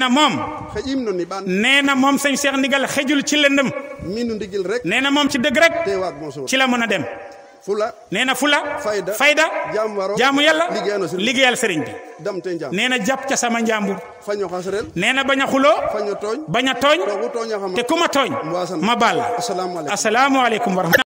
na moom nee na moom sëñ Cheikh Ndigal xejul ci lëndëm nee na moom ci dëgg rek ci la mën a dem nee na fula fayda jaamu yàlla liggéeyal sëriñ bi nee na jàpp ca sama njàmbur nee na xulo a xuloo bañ a tooñ te ku ma tooñ ma baal la asalaamualeykum wa rahmatulah.